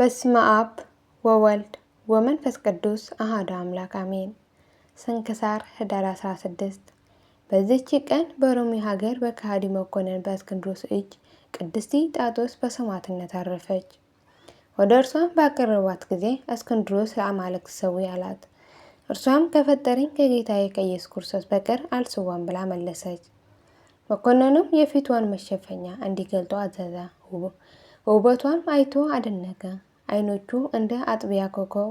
በስመ አብ ወወልድ ወመንፈስ ቅዱስ አሃዱ አምላክ አሜን። ስንክሳር ህዳር 16 በዚች ቀን በሮሚ ሀገር በካሃዲ መኮንን በእስክንድሮስ እጅ ቅድስቲ ጣጦስ በሰማዕትነት አረፈች። ወደ እርሷም ባቀረቧት ጊዜ እስክንድሮስ ለአማልክት ሰዊ አላት። እርሷም ከፈጠረኝ ከጌታዬ ከኢየሱስ ክርስቶስ በቀር አልስዋም ብላ መለሰች። መኮንኑም የፊቷን መሸፈኛ እንዲገልጦ አዘዘ። ውበቷን አይቶ አደነቀ። አይኖቹ እንደ አጥቢያ ኮከብ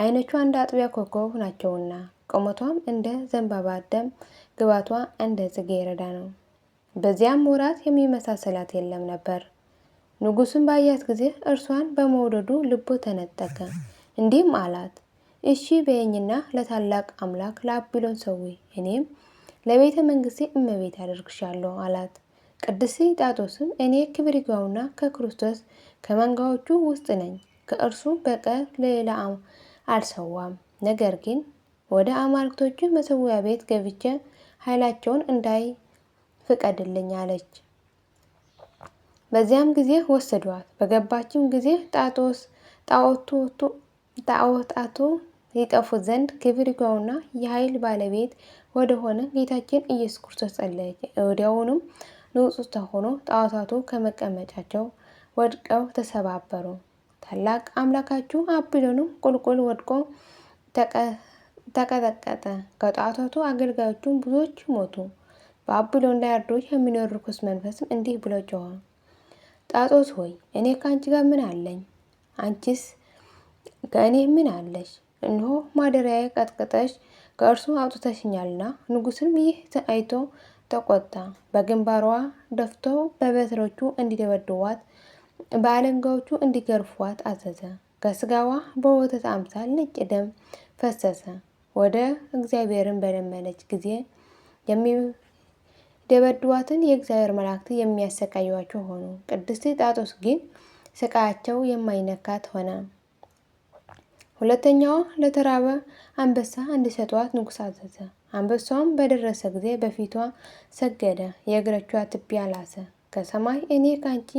አይኖቿ እንደ አጥቢያ ኮከብ ናቸውና ቁመቷም እንደ ዘንባባ ደም፣ ግባቷ እንደ ጽጌረዳ ነው። በዚያም ወራት የሚመሳሰላት የለም ነበር። ንጉሱን ባያት ጊዜ እርሷን በመውደዱ ልቦ ተነጠቀ። እንዲህም አላት፣ እሺ በየኝና ለታላቅ አምላክ ለአቢሎን ሰዊ እኔም ለቤተ መንግስቴ እመቤት አደርግሻለሁ አላት። ቅዱስ ጣጦስም እኔ ክብሪጋውና ከክርስቶስ ከመንጋዎቹ ውስጥ ነኝ፣ ከእርሱ በቀር ሌላ አልሰዋም። ነገር ግን ወደ አማልክቶቹ መሰዊያ ቤት ገብቼ ኃይላቸውን እንዳይ ፍቀድልኝ አለች። በዚያም ጊዜ ወሰዷት። በገባችም ጊዜ ጣጦስ ጣዖታቱ ይጠፉ ዘንድ ክብር ይግባውና የኃይል ባለቤት ወደሆነ ጌታችን ኢየሱስ ክርስቶስ ጸለየች። ወዲያውኑም ንጹ ተሆኖ ጣዖታቱ ከመቀመጫቸው ወድቀው ተሰባበሩ። ታላቅ አምላካችሁ አቢሎንም ቁልቁል ወድቆ ተቀጠቀጠ። ከጣዖታቱ አገልጋዮቹም ብዙዎች ሞቱ። በአቢሎን ላይ አድሮ የሚኖር ርኩስ መንፈስም እንዲህ ብሎ ጮኸ። ጣዖት ሆይ እኔ ከአንቺ ጋር ምን አለኝ? አንቺስ ከእኔ ምን አለሽ? እንሆ ማደሪያዬ ቀጥቅጠሽ ከእርሱ አውጥተሽኛልና። ንጉስም ይህ አይቶ ተቆጣ። በግንባሯ ደፍተው በበትሮቹ እንዲደበድቧት፣ በአለንጋዎቹ እንዲገርፏት አዘዘ። ከስጋዋ በወተት አምሳል ነጭ ደም ፈሰሰ። ወደ እግዚአብሔርን በለመነች ጊዜ የሚደበድቧትን የእግዚአብሔር መላእክት የሚያሰቃዩቸው ሆኑ። ቅድስት ጣጦስ ግን ስቃያቸው የማይነካት ሆነ። ሁለተኛዋ ለተራበ አንበሳ እንዲሰጧት ንጉሥ አዘዘ። አንበሳውም በደረሰ ጊዜ በፊቷ ሰገደ፣ የእግረቿ ትቢያ ላሰ። ከሰማይ እኔ ካንቺ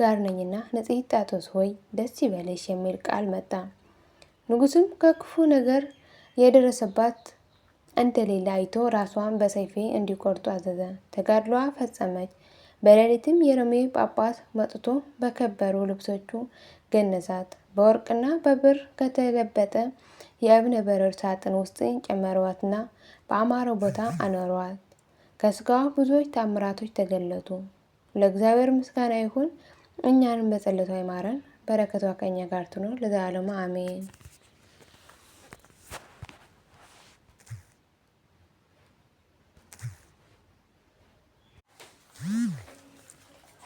ጋር ነኝና ንጽሕት ጣቶስ ሆይ ደስ ይበለሽ የሚል ቃል መጣ። ንጉስም ከክፉ ነገር የደረሰባት እንደሌላ አይቶ ራሷን በሰይፌ እንዲቆርጡ አዘዘ። ተጋድሏ ፈጸመች። በሌሊትም የሮሜ ጳጳስ መጥቶ በከበሩ ልብሶቹ ገነዛት። በወርቅና በብር ከተለበጠ የእብነ በረድ ሳጥን ውስጥ ጨመሯትና በአማረው ቦታ አኖረዋት። ከስጋዋ ብዙዎች ታምራቶች ተገለጡ። ለእግዚአብሔር ምስጋና ይሁን፣ እኛንም በጸሎቷ ይማረን፣ በረከቷ ከኛ ጋር ትኖር ለዘላለሙ አሜን።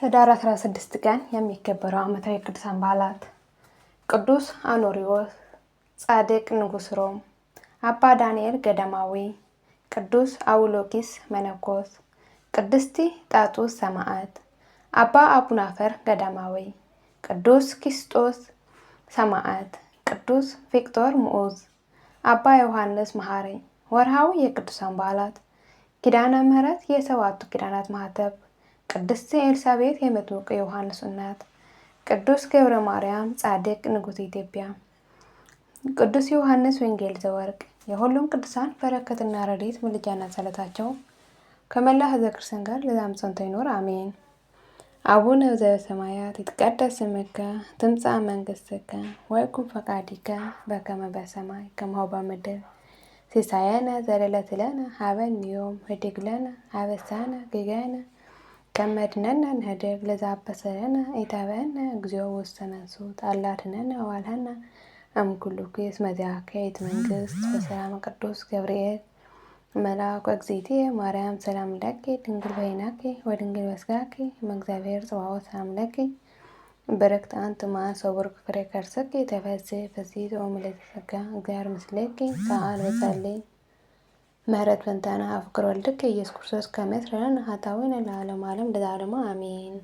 ህዳር 16 ቀን የሚከበረው ዓመታዊ ቅዱሳን በዓላት ቅዱስ አኖሪዎስ ጻድቅ ንጉሥ ሮም፣ አባ ዳንኤል ገዳማዊ፣ ቅዱስ አውሎኪስ መነኮስ፣ ቅድስቲ ጣጡስ ሰማዕት፣ አባ አቡናፈር ገደማዊ፣ ቅዱስ ኪስጦስ ሰማዕት፣ ቅዱስ ቪክቶር ሙዑዝ አባ ዮሐንስ መሐሪ። ወርሃዊ የቅዱሳን በዓላት ኪዳነ ምሕረት የሰባቱ ኪዳናት ማህተብ ቅድስት ኤልሳቤት የመጥምቁ ዮሐንስ እናት፣ ቅዱስ ገብረ ማርያም ጻድቅ ንጉሥ ኢትዮጵያ፣ ቅዱስ ዮሐንስ ወንጌል ዘወርቅ የሁሉም ቅዱሳን በረከትና ረድኤት ምልጃና ጸሎታቸው ከመላ ሕዝበ ክርስቲያን ጋር ለዛም ጸንቶ ይኖር አሜን። አቡነ ዘበሰማያት ይትቀደስ ስምከ ትምጻእ መንግሥትከ ወይኩን ፈቃድከ በከመ በሰማይ ከማሁ በምድር ሲሳየነ ዘለለዕለትነ ሀበነ ዮም ኅድግ ለነ አበሳነ ጌጋየነ ከመድነነ ንህድግ ለዛበሰነ ኢተበነ እግዚኦ ወሰነ ወሰነሱ ጣላትነን ዋልሀነ እምኩሉ ኩስ መዚአከይት መንግስት በሰላም ቅዱስ ገብርኤል መልአኩ እግዚእትየ ማርያም ሰላም ለኪ ድንግል በይናኪ ወድንግል በስጋኪ መእግዚአብሔር ጽባኦት ሰላም ለኪ በረክት አንት ማሰቡር ፍሬ ከርሰኪ ተፈሥሒ ፍሥሕት ኦ ምልዕተ ጸጋ እግዚአብሔር ምስሌኪ ሰአል በጸልይ ምህረት በንተና ፍቅር ልክ ኢየሱስ ክርስቶስ ከመትረን ሀታዊን ለዓለም ዓለም ለዛለማ አሜን